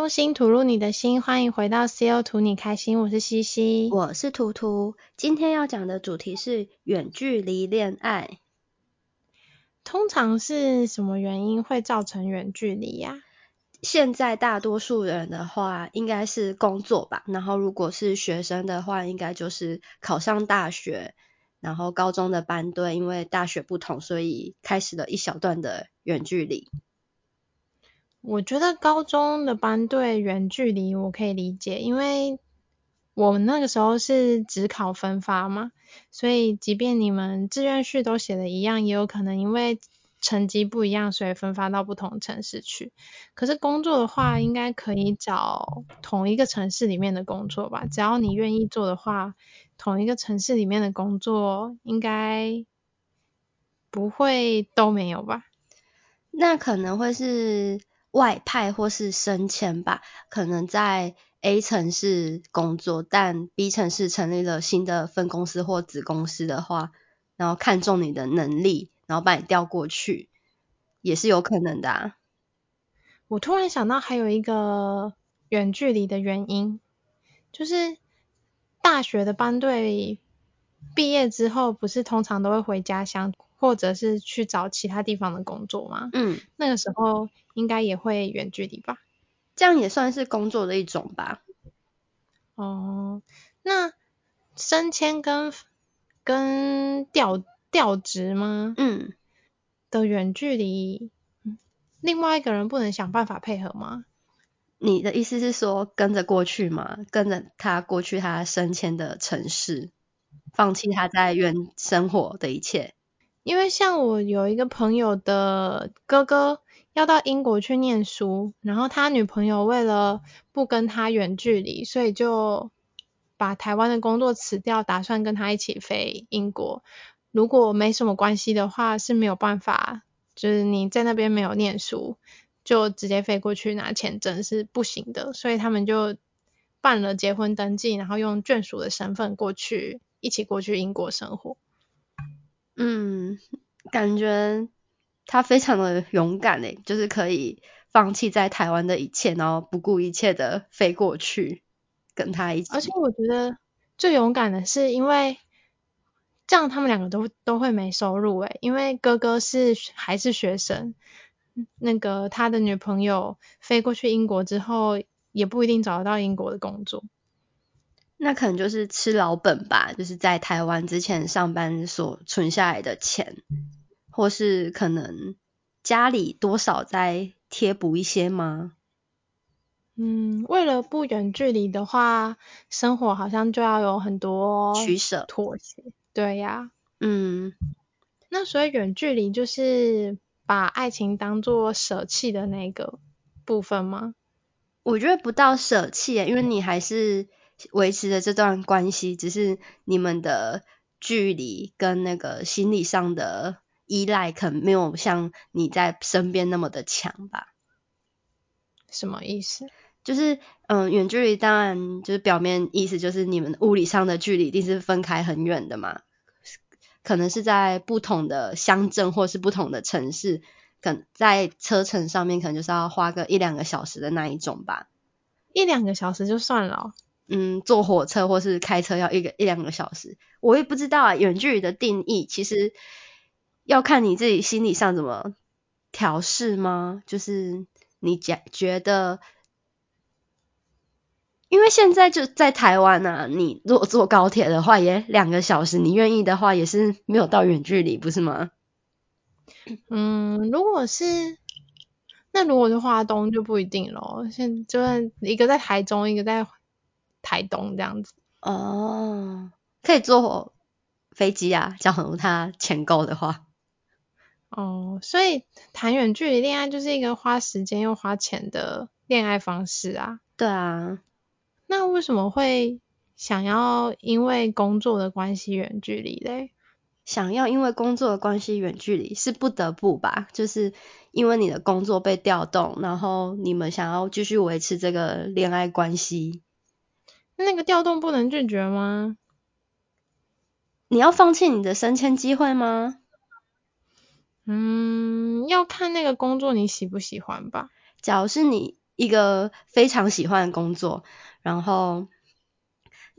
用心吐露你的心，歡迎回到 C.O. 吐你開心，我是西西，我是圖圖。今天要講的主題是遠距離戀愛。通常是什麼原因會造成遠距離呀？啊？現在大多數人的話應該是工作吧，然後如果是學生的話，應該就是考上大學，然後高中的班對，因為大學不同，所以開始了一小段的遠距離。我覺得高中的班對遠距離我可以理解，因為我們那個時候是指考分發嘛，所以即便你們志願序都寫的一樣，也有可能因為成績不一樣，所以分發到不同城市去。可是工作的話，應該可以找同一個城市裡面的工作吧？只要你願意做的話，同一個城市裡面的工作應該不會都沒有吧？那可能會是。外派或是升遷吧，可能在 A 城市工作，但 B 城市成立了新的分公司或子公司的話，然後看中你的能力，然後把你調過去，也是有可能的啊。我突然想到，還有一個遠距離的原因，就是大學的班對畢業之後，不是通常都會回家鄉。或者是去找其他地方的工作嗎？嗯，那個時候應該也會遠距離吧，這樣也算是工作的一種吧。哦，那升遷跟跟調調職嗎？嗯，的遠距離，另外一個人不能想辦法配合嗎？你的意思是說跟着過去嗎？跟着他過去他升遷的城市，放棄他在原生活的一切。因為像我有一個朋友的哥哥要到英國去念書，然後他女朋友為了不跟他遠距離，所以就把台灣的工作辭掉，打算跟他一起飛英國。如果沒什麼關係的話是沒有辦法，就是你在那邊沒有念書，就直接飛過去拿簽證是不行的。所以他們就辦了結婚登記，然後用眷屬的身份過去，一起過去英國生活。嗯，感覺他非常的勇敢誒，就是可以放棄在台灣的一切，然後不顧一切的飛過去跟他一起。而且我覺得最勇敢的是因為這樣他們兩個都都會沒收入誒，因為哥哥是還是學生，那個他的女朋友飛過去英國之後也不一定找得到英國的工作。那可能就是吃老本吧，就是在台灣之前上班所存下來的錢，或是可能家裡多少再貼補一些嗎？嗯，為了不遠距離的話，生活好像就要有很多取捨、妥協、啊。對呀，嗯，那所以遠距離就是把愛情當作捨棄的那個部分嗎？我覺得不到捨棄，因為你還是。維持的這段關係，只是你們的距離跟那個心理上的依賴，可能沒有像你在身邊那麼的強吧？什麼意思？就是，嗯，遠距離當然就是表面意思，就是你們物理上的距離一定是分開很遠的嘛，可能是在不同的鄉鎮或是不同的城市，可能在車程上面可能就是要花個一兩個小時的那一種吧？一兩個小時就算了哦。嗯，坐火車或是開車要一個一兩個小時，我也不知道啊。遠距離的定義其實要看你自己心理上怎麼調適嗎？就是你覺覺得，因為現在就在台灣啊，你如果坐高鐵的話也兩個小時，你願意的話也是沒有到遠距離，不是嗎？嗯，如果是那如果是花東就不一定咯，現在就算一個在台中，一個在台東這樣子哦，可以坐飛機啊，很多他錢夠的話。哦，所以談遠距離戀愛就是一個花時間又花錢的戀愛方式啊。對啊，那為什麼會想要因為工作的關係遠距離嘞？想要因為工作的關係遠距離是不得不吧，就是因為你的工作被調動，然後你們想要繼續維持這個戀愛關係。那個調動不能拒絕嗎？你要放棄你的升遷機會嗎？嗯，要看那個工作你喜不喜歡吧。假如是你一個非常喜歡的工作，然後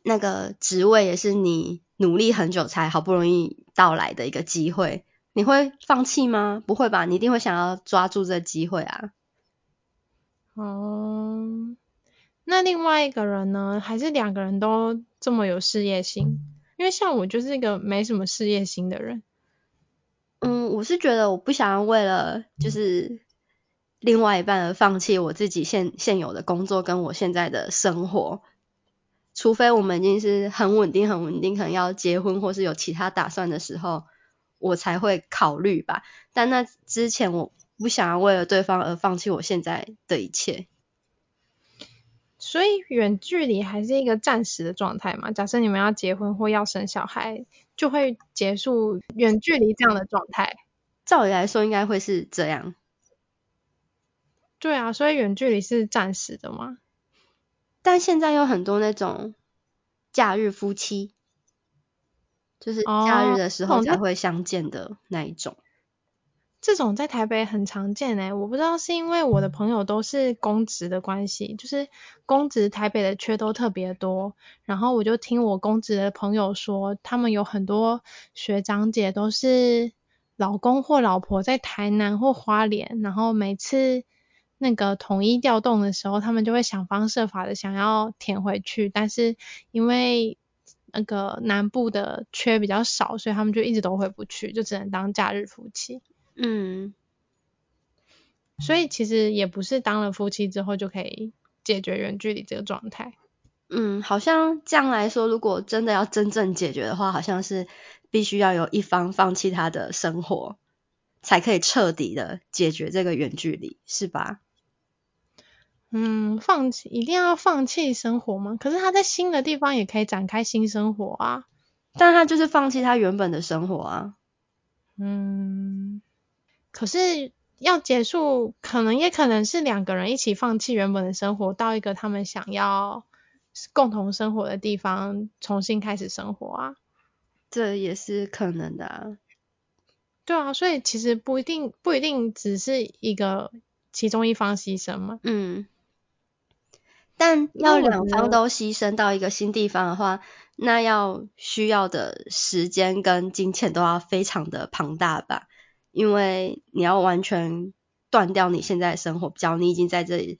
那個職位也是你努力很久才好不容易到來的一個機會，你會放棄嗎？不會吧，你一定會想要抓住這機會啊。哦。那另外一個人呢？還是兩個人都這麼有事業心？因為像我就是一個沒什麼事業心的人。嗯，我是覺得我不想要為了就是另外一半而放棄我自己現現有的工作跟我現在的生活，除非我們已經是很穩定很穩定，可能要結婚或是有其他打算的時候，我才會考慮吧。但那之前我不想要為了對方而放棄我現在的一切。所以遠距離還是一個暫時的狀態嘛。假設你們要結婚或要生小孩，就會結束遠距離這樣的狀態。照理來說，應該會是這樣。對啊，所以遠距離是暫時的嘛。但現在有很多那種假日夫妻，就是假日的時候才會相見的那一種。Oh, 這種在台北很常見誒、欸、我不知道是因為我的朋友都是公職的關係，就是公職台北的缺都特別多。然後我就聽我公職的朋友說，他們有很多學長姐都是老公或老婆在台南或花蓮，然後每次那個統一調動的時候，他們就會想方設法的想要填回去，但是因為那個南部的缺比較少，所以他們就一直都回不去，就只能當假日夫妻。嗯，所以其實也不是當了夫妻之後就可以解決遠距離這個狀態。嗯，好像這樣來說，如果真的要真正解決的話，好像是必須要有一方放棄他的生活，才可以徹底的解決這個遠距離，是吧？嗯，放棄，一定要放棄生活嗎？可是他在新的地方也可以展開新生活啊，但他就是放棄他原本的生活啊。嗯。可是要結束，可能也可能是兩個人一起放棄原本的生活，到一個他們想要共同生活的地方，重新開始生活啊，這也是可能的啊。對啊，所以其實不一定，不一定只是一個其中一方犧牲嘛。嗯，但要兩方都犧牲到一個新地方的話，那要需要的時間跟金錢都要非常的龐大吧。因為你要完全斷掉你現在的生活，比較你已經在這裡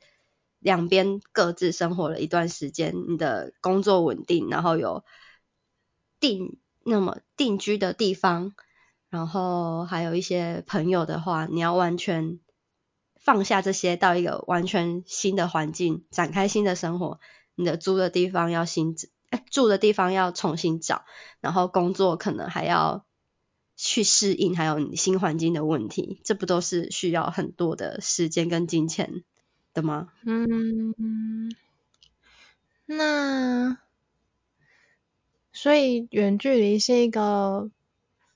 兩邊各自生活了一段時間，你的工作穩定，然後有定那麼定居的地方，然後還有一些朋友的話，你要完全放下這些，到一個完全新的環境展開新的生活。你的租的地方要新，住的地方要重新找，然後工作可能還要。去適應還有你新環境的問題，這不都是需要很多的時間跟金錢的嗎？嗯，那所以遠距離是一個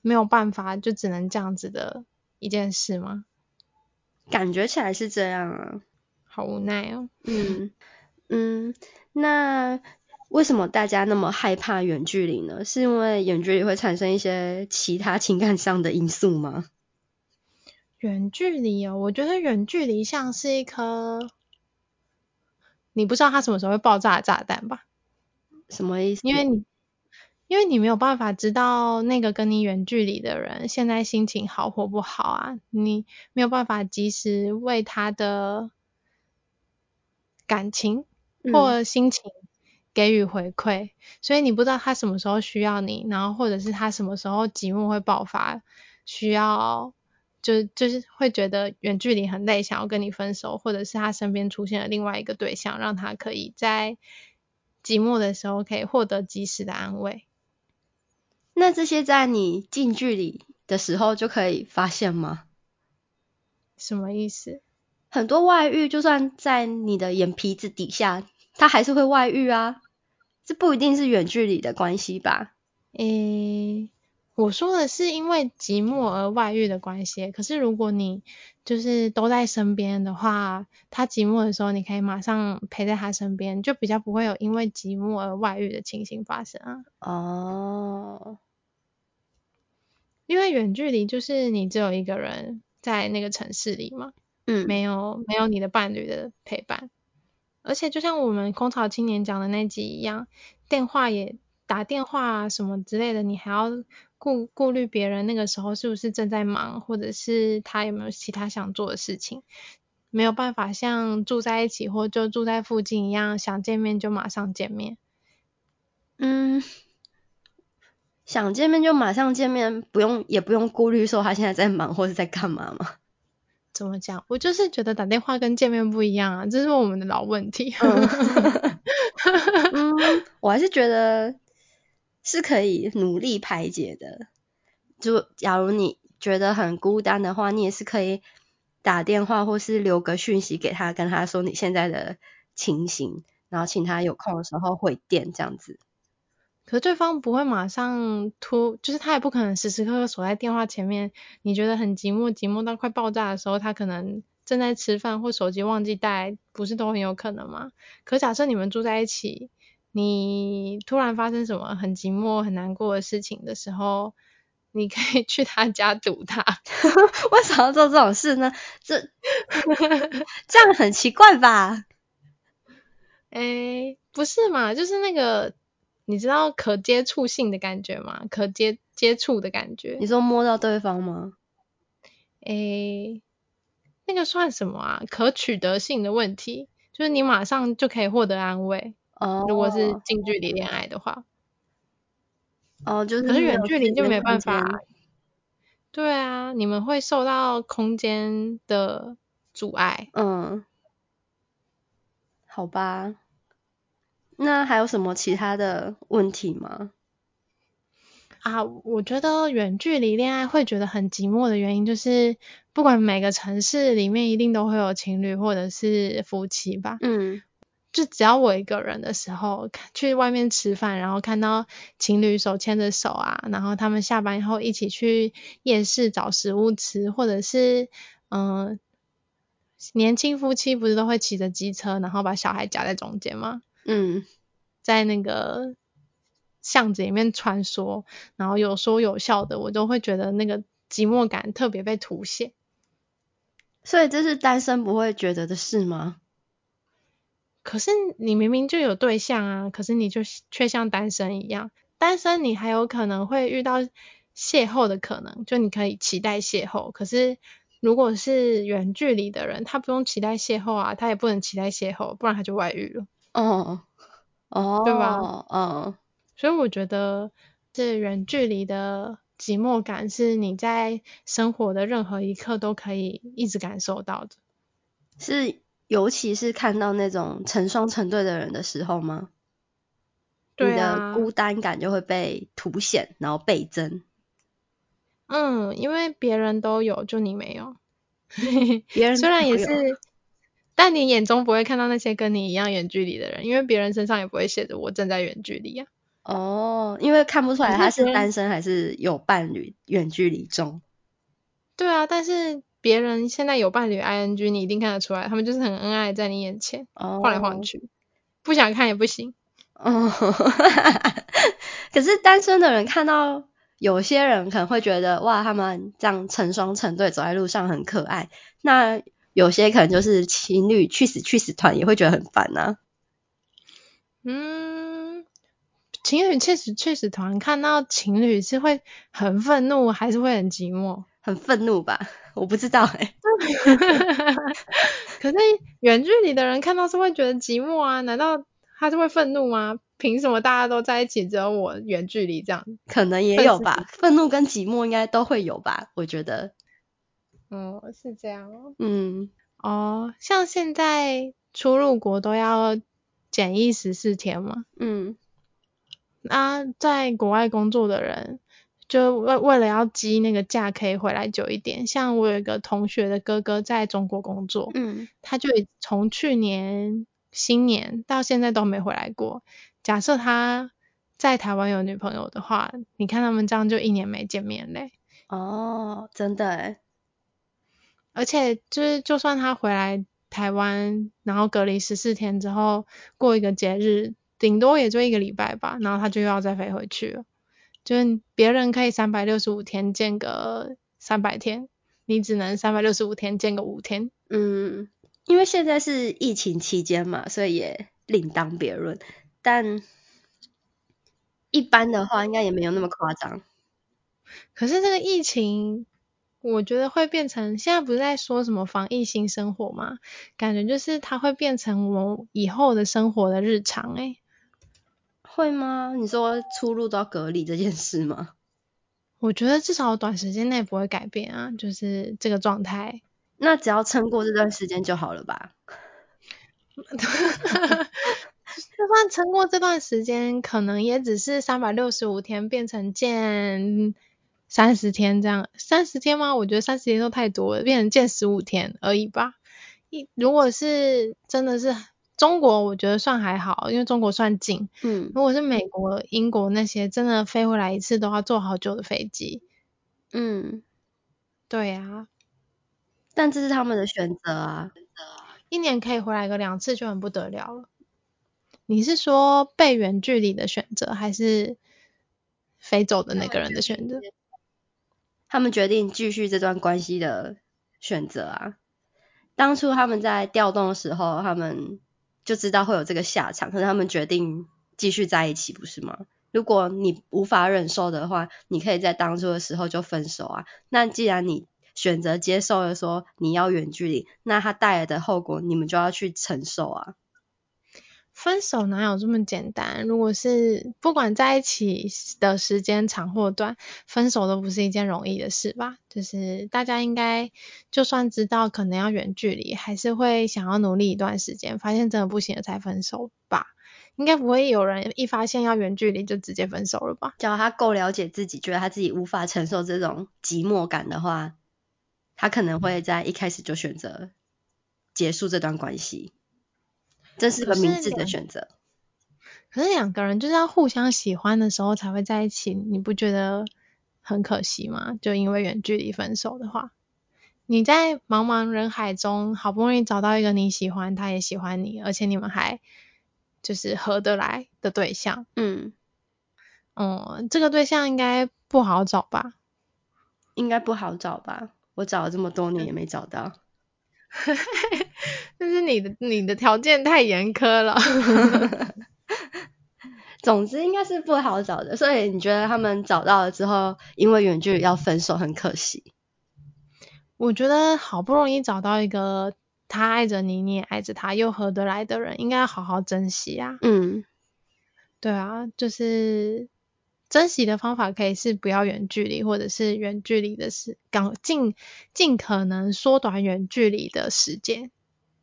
沒有辦法就只能這樣子的一件事嗎？感覺起來是這樣啊，好無奈哦。嗯 嗯，那。為什麼大家那麼害怕遠距離呢？是因為遠距離會產生一些其他情感上的因素嗎？遠距離哦，我覺得遠距離像是一顆你不知道它什麼時候會爆炸的炸彈吧？什麼意思？因為你因為你沒有辦法知道那個跟你遠距離的人現在心情好或不好啊，你沒有辦法及時為他的感情或心情。嗯。給予回饋，所以你不知道他什麼時候需要你，然後或者是他什麼時候寂寞會爆發，需要就就是會覺得遠距離很累，想要跟你分手，或者是他身邊出現了另外一個對象，讓他可以在寂寞的時候可以獲得及時的安慰。那這些在你近距離的時候就可以發現嗎？什麼意思？很多外遇就算在你的眼皮子底下，他還是會外遇啊。這不一定是遠距離的關係吧？誒、欸，我說的是因為寂寞而外遇的關係。可是如果你就是都在身邊的話，他寂寞的時候，你可以馬上陪在他身邊，就比較不會有因為寂寞而外遇的情形發生。哦，因為遠距離就是你只有一個人在那個城市裡嘛，嗯，沒有沒有你的伴侶的陪伴。而且就像我們空巢青年講的那集一樣，電話也打電話啊，什麼之類的，你還要顧顧慮別人那個時候是不是正在忙，或者是他有沒有其他想做的事情，沒有辦法像住在一起或就住在附近一樣，想見面就馬上見面。嗯，想見面就馬上見面，不用也不用顧慮說他現在在忙或者是在幹嘛嗎？怎麼講？我就是覺得打電話跟見面不一樣啊，這是我們的老問題。哈， 嗯，我還是覺得是可以努力排解的。就假如你覺得很孤單的話，你也是可以打電話或是留個訊息給他，跟他說你現在的情形，然後請他有空的時候回電這樣子。可對方不會馬上突，就是他也不可能時時刻刻守在電話前面。你覺得很寂寞，寂寞到快爆炸的時候，他可能正在吃飯或手機忘記帶，不是都很有可能嗎？可假設你們住在一起，你突然發生什麼很寂寞、很難過的事情的時候，你可以去他家堵他。 為什麼要做這種事呢？這 這樣很奇怪吧？誒、欸，不是嘛，就是那個。你知道可接觸性的感覺嗎？可接接觸的感覺。你說摸到對方嗎？哎，那個算什麼啊？可取得性的問題，就是你馬上就可以獲得安慰。哦。如果是近距離戀愛的話。哦，就是。可是遠距離就沒辦法啊。對啊，你們會受到空間的阻礙。嗯。好吧。那還有什麼其他的問題嗎？啊，我覺得遠距離戀愛會覺得很寂寞的原因就是，不管每個城市裡面一定都會有情侶或者是夫妻吧。嗯，就只要我一個人的時候，去外面吃飯，然後看到情侶手牽着手啊，然後他們下班以後一起去夜市找食物吃，或者是嗯、呃，年輕夫妻不是都會騎着機車，然後把小孩夾在中間嗎？嗯，在那個巷子裡面穿梭，然後有說有笑的，我都會覺得那個寂寞感特別被凸顯。所以這是單身不會覺得的事嗎？可是你明明就有對象啊，可是你就卻像單身一樣。單身你還有可能會遇到邂逅的可能，就你可以期待邂逅。可是如果是遠距離的人，他不用期待邂逅啊，他也不能期待邂逅，不然他就外遇了。嗯，哦，oh. oh. 對吧？嗯，oh. 所以我覺得這遠距離的寂寞感是你在生活的任何一刻都可以一直感受到的，是尤其是看到那種成雙成對的人的時候嗎？對啊，你的孤單感就會被凸顯，然後倍增。嗯，因為別人都有，就你沒有。別 人雖然也是。但你眼中不會看到那些跟你一樣遠距離的人，因為別人身上也不會寫着“我正在遠距離”呀。哦，因為看不出來他是單身還是有伴侶遠距離中。對啊，但是別人現在有伴侶，ing，你一定看得出來，他們就是很恩愛，在你眼前哦，晃來晃去，不想看也不行。哦， 可是單身的人看到有些人可能會覺得，哇，他們這樣成雙成對走在路上很可愛。那有些可能就是情侶去死去死團也會覺得很煩吶、啊。嗯，情侶去死去死團看到情侶是會很憤怒，還是會很寂寞？很憤怒吧？我不知道哎、欸。 可是遠距離的人看到是會覺得寂寞啊？難道他是會憤怒嗎？憑什麼大家都在一起，只有我遠距離這樣？可能也有吧。憤 怒跟寂寞應該都會有吧？我覺得。哦，是這樣。嗯，哦，像現在出入國都要檢疫十四天嘛。嗯，那、啊、在國外工作的人，就為為了要積那個假，可以回來久一點。像我有一個同學的哥哥在中國工作，嗯，他就從去年新年到現在都沒回來過。假設他在台灣有女朋友的話，你看他們這樣就一年沒見面嘞。哦，真的誒。而且就是，就算他回來台灣，然後隔離十四天之後，過一個節日，頂多也就一個禮拜吧，然後他就又要再飛回去了。就別人可以三百六十五天見個三百天，你只能三百六十五天見個五天。嗯，因為現在是疫情期間嘛，所以也另當別論。但一般的話，應該也沒有那麼誇張。可是這個疫情。我覺得會變成，現在不是在說什麼防疫新生活嗎？感覺就是它會變成我們以後的生活的日常。欸，誒，會嗎？你說出入都要隔離這件事嗎？我覺得至少短時間內不會改變啊，就是這個狀態。那只要撐過這段時間就好了吧？ 就算撐過這段時間，可能也只是三百六十五天變成件。三十天這樣，三十天嗎？我覺得三十天都太多了，變成見十五天而已吧。一如果是真的是中國，我覺得算還好，因為中國算近。嗯，如果是美國、英國那些，真的飛回來一次的話，坐好久的飛機。嗯，對啊。但這是他們的選擇啊，一年可以回來個兩次就很不得了了。你是說被遠距離的選擇，還是飛走的那個人的選擇？他們決定繼續這段關係的選擇啊。當初他們在調動的時候，他們就知道會有這個下場，可是他們決定繼續在一起，不是嗎？如果你無法忍受的話，你可以在當初的時候就分手啊。那既然你選擇接受了，說你要遠距離，那他帶來的後果，你們就要去承受啊。分手哪有這麼簡單？如果是不管在一起的時間長或短，分手都不是一件容易的事吧？就是大家應該就算知道可能要遠距離，還是會想要努力一段時間，發現真的不行了才分手吧？應該不會有人一發現要遠距離就直接分手了吧？只要他夠了解自己，覺得他自己無法承受這種寂寞感的話，他可能會在一開始就選擇結束這段關係。這是個明智的選擇。可，可是兩個人就是要互相喜歡的時候才會在一起，你不覺得很可惜嗎？就因為遠距離分手的話，你在茫茫人海中好不容易找到一個你喜歡，他也喜歡你，而且你們還就是合得來的對象。嗯，哦、嗯，這個對象應該不好找吧？應該不好找吧？我找了這麼多年也沒找到。 就是你的你的條件太嚴苛了， 總之應該是不好找的。所以你覺得他們找到了之後，因為遠距離要分手很可惜？我覺得好不容易找到一個他愛着你，你也愛着他，又合得來的人，應該好好珍惜啊。嗯，對啊，就是珍惜的方法可以是不要遠距離，或者是遠距離的時，剛盡盡可能縮短遠距離的時間。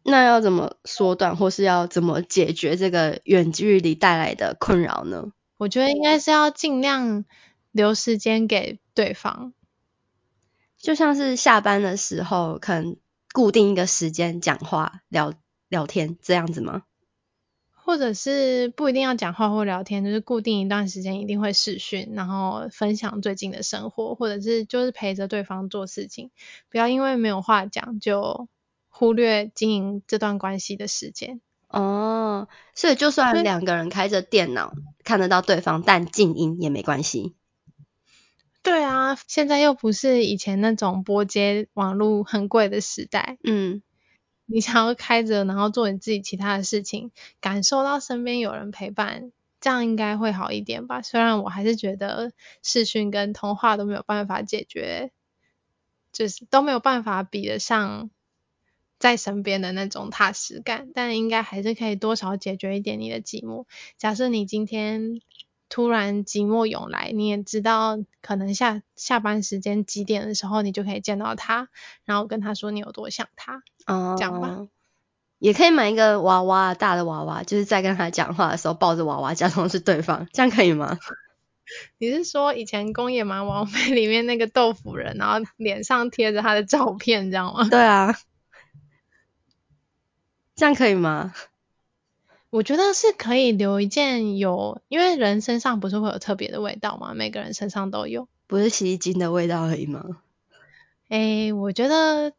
那要怎麼縮短，或是要怎麼解決這個遠距離帶來的困擾呢？我覺得應該是要盡量留時間給對方，就像是下班的時候，可能固定一個時間講話、聊聊天這樣子嗎？或者是不一定要講話或聊天，就是固定一段時間一定會視訊，然後分享最近的生活，或者是就是陪着對方做事情，不要因為沒有話講就忽略經營這段關係的時間哦，所以就算兩個人開着電腦以看得到對方，但靜音也沒關係。對啊，現在又不是以前那種撥接網絡很貴的時代。嗯，你想要開着，然後做你自己其他的事情，感受到身邊有人陪伴，這樣應該會好一點吧。雖然我還是覺得視訊跟通話都沒有辦法解決，就是都沒有辦法比得上。在身邊的那種踏實感，但應該還是可以多少解決一點你的寂寞。假設你今天突然寂寞湧來，你也知道可能下下班時間幾點的時候，你就可以見到他，然後跟他說你有多想他。哦，這樣吧。也可以買一個娃娃，大的娃娃，就是在跟他講話的時候抱着娃娃，假裝是對方，這樣可以嗎？你是說以前《工業蠻王妃》裡面那個豆腐人，然後臉上貼着他的照片，這樣嗎？對啊。這樣可以嗎？我覺得是可以留一件有，因為人身上不是會有特別的味道嗎？每個人身上都有，不是洗衣精的味道而已嗎？誒、欸、我覺得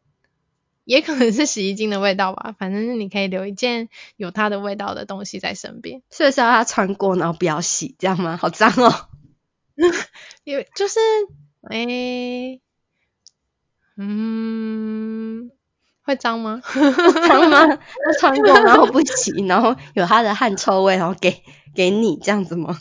也可能是洗衣精的味道吧。反正你可以留一件有它的味道的東西在身邊。是不是要他穿過然後不要洗這樣嗎？好髒哦！因 為就是誒、欸、嗯。會髒嗎？髒嗎？他穿過然後不洗，然後有他的汗臭味，然後給給你這樣子嗎？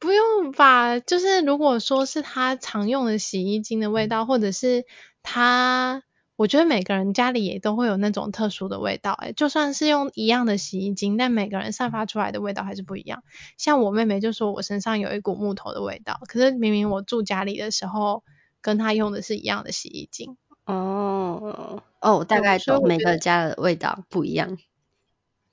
不用吧，就是如果說是他常用的洗衣精的味道，或者是他，我覺得每個人家裡也都會有那種特殊的味道欸，誒就算是用一樣的洗衣精，但每個人散發出來的味道還是不一樣。像我妹妹就說，我身上有一股木頭的味道，可是明明我住家裡的時候跟他用的是一樣的洗衣精。哦哦，oh, oh, 大概都每個家的味道不一樣。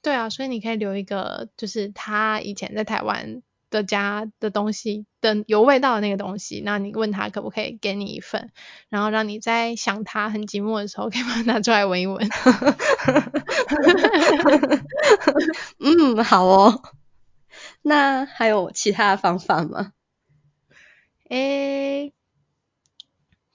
對啊，所以你可以留一個，就是他以前在台灣的家的東西，的有味道的那個東西。那你問他可不可以給你一份，然後讓你在想他很寂寞的時候，可以把他拿出來聞一聞。 嗯，好哦。那還有其他的方法嗎？誒、欸。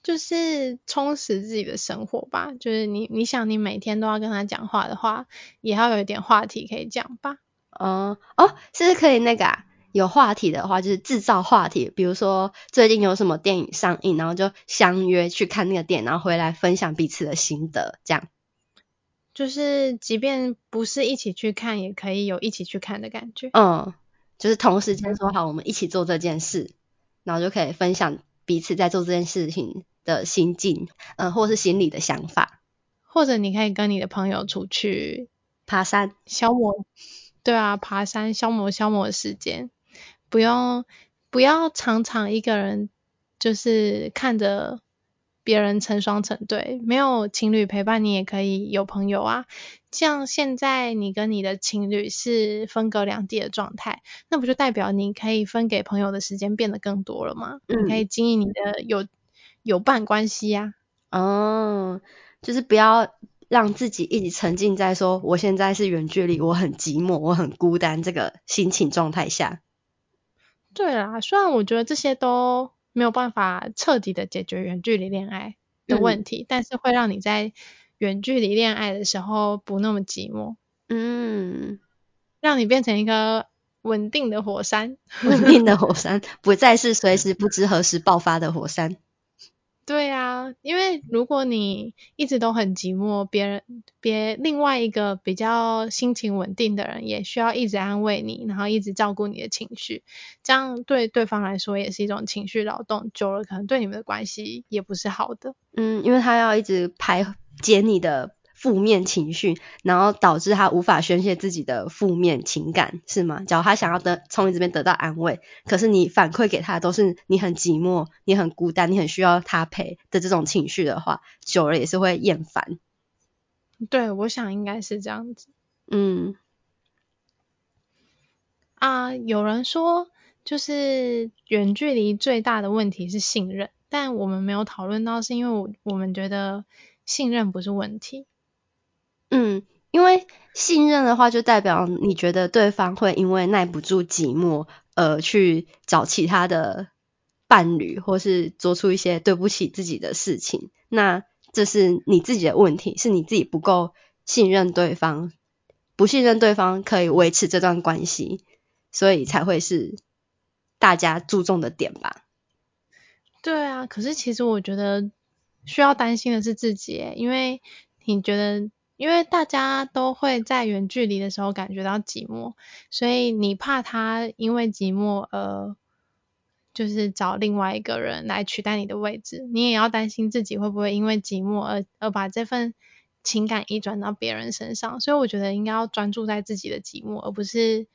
就是充實自己的生活吧。就是你，你想你每天都要跟他講話的話，也要有一點話題可以講吧？嗯，哦，是不是可以那個、啊、有話題的話，就是製造話題，比如說最近有什麼電影上映，然後就相約去看那個電影，然後回來分享彼此的心得，這樣。就是即便不是一起去看，也可以有一起去看的感覺。嗯，就是同時間說好、嗯、我們一起做這件事，然後就可以分享。彼此在做這件事情的心境，嗯、呃，或是心裡的想法，或者你可以跟你的朋友出去爬山消磨，對啊，爬山消磨消磨的時間，不用不要常常一個人，就是看着。別人成雙成對，沒有情侶陪伴，你也可以有朋友啊。像現在你跟你的情侶是分隔兩地的狀態，那不就代表你可以分給朋友的時間變得更多了嗎？嗯，你可以經營你的友友伴關係呀、啊。嗯，就是不要讓自己一直沉浸在說我現在是遠距離，我很寂寞，我很孤單這個心情狀態下。對啊，雖然我覺得這些都。沒有辦法徹底的解決遠距離戀愛的問題，嗯、但是會讓你在遠距離戀愛的時候不那麼寂寞。嗯，讓你變成一個穩定的火山，穩定的火山， 不再是隨時不知何時爆發的火山。對啊，因為如果你一直都很寂寞，別人別另外一個比較心情穩定的人也需要一直安慰你，然後一直照顧你的情緒，這樣對對方來說也是一種情緒勞動，久了可能對你們的關係也不是好的。嗯，因為他要一直排解你的。負面情緒，然後導致他無法宣泄自己的負面情感。是嗎？只要他想要得從你這邊得到安慰，可是你反饋給他都是你很寂寞、你很孤單、你很需要他陪的這種情緒的話，久了也是會厭煩。對，我想應該是這樣子。嗯。啊，uh, 有人說就是遠距離最大的問題是信任，但我們沒有討論到，是因為我我們覺得信任不是問題。嗯，因為信任的話，就代表你覺得對方會因為耐不住寂寞，而去找其他的伴侶，或是做出一些對不起自己的事情。那這是你自己的問題，是你自己不夠信任對方，不信任對方可以維持這段關係，所以才會是大家注重的點吧？對啊，可是其實我覺得需要擔心的是自己耶，因為你覺得。因為大家都會在遠距離的時候感覺到寂寞，所以你怕他因為寂寞而就是找另外一個人來取代你的位置，你也要擔心自己會不會因為寂寞而，而把這份情感移轉到別人身上。所以我覺得應該要專注在自己的寂寞，而不是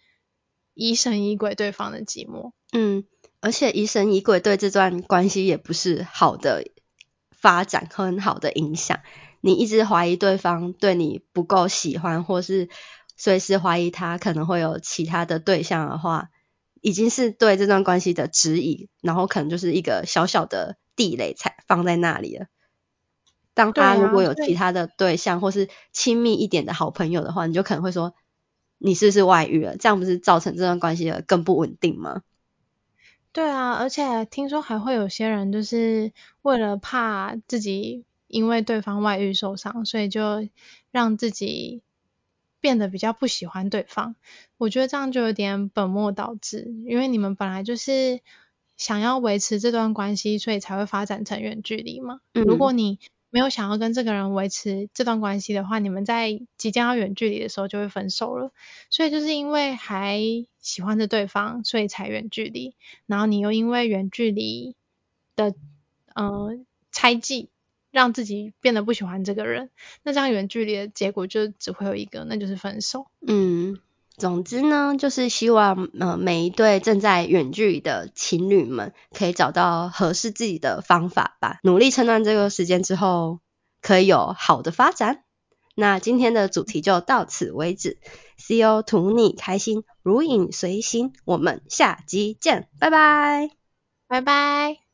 疑神疑鬼對方的寂寞。嗯，而且疑神疑鬼對這段關係也不是好的發展和很好的影響。你一直懷疑對方對你不夠喜歡，或是隨時懷疑他可能會有其他的對象的話，已經是對這段關係的質疑，然後可能就是一個小小的地雷才放在那裡了。當他如果有其他的對象對、啊、對或是親密一點的好朋友的話，你就可能會說，你是不是外遇了？這樣不是造成這段關係的更不穩定嗎？對啊，而且聽說還會有些人就是為了怕自己。因為對方外遇受傷，所以就讓自己變得比較不喜歡對方。我覺得這樣就有點本末倒置，因為你們本來就是想要維持這段關係，所以才會發展成遠距離嘛。嗯、如果你沒有想要跟這個人維持這段關係的話，你們在即將要遠距離的時候就會分手了。所以就是因為還喜歡着對方，所以才遠距離，然後你又因為遠距離的嗯、呃、猜忌。讓自己變得不喜歡這個人，那這樣遠距離的結果就只會有一個，那就是分手。嗯，總之呢，就是希望呃每一對正在遠距離的情侶們，可以找到合適自己的方法吧，努力撐過這個時間之後，可以有好的發展。那今天的主題就到此為止，See you，圖你開心，如影隨形，我們下集見，拜拜，拜拜。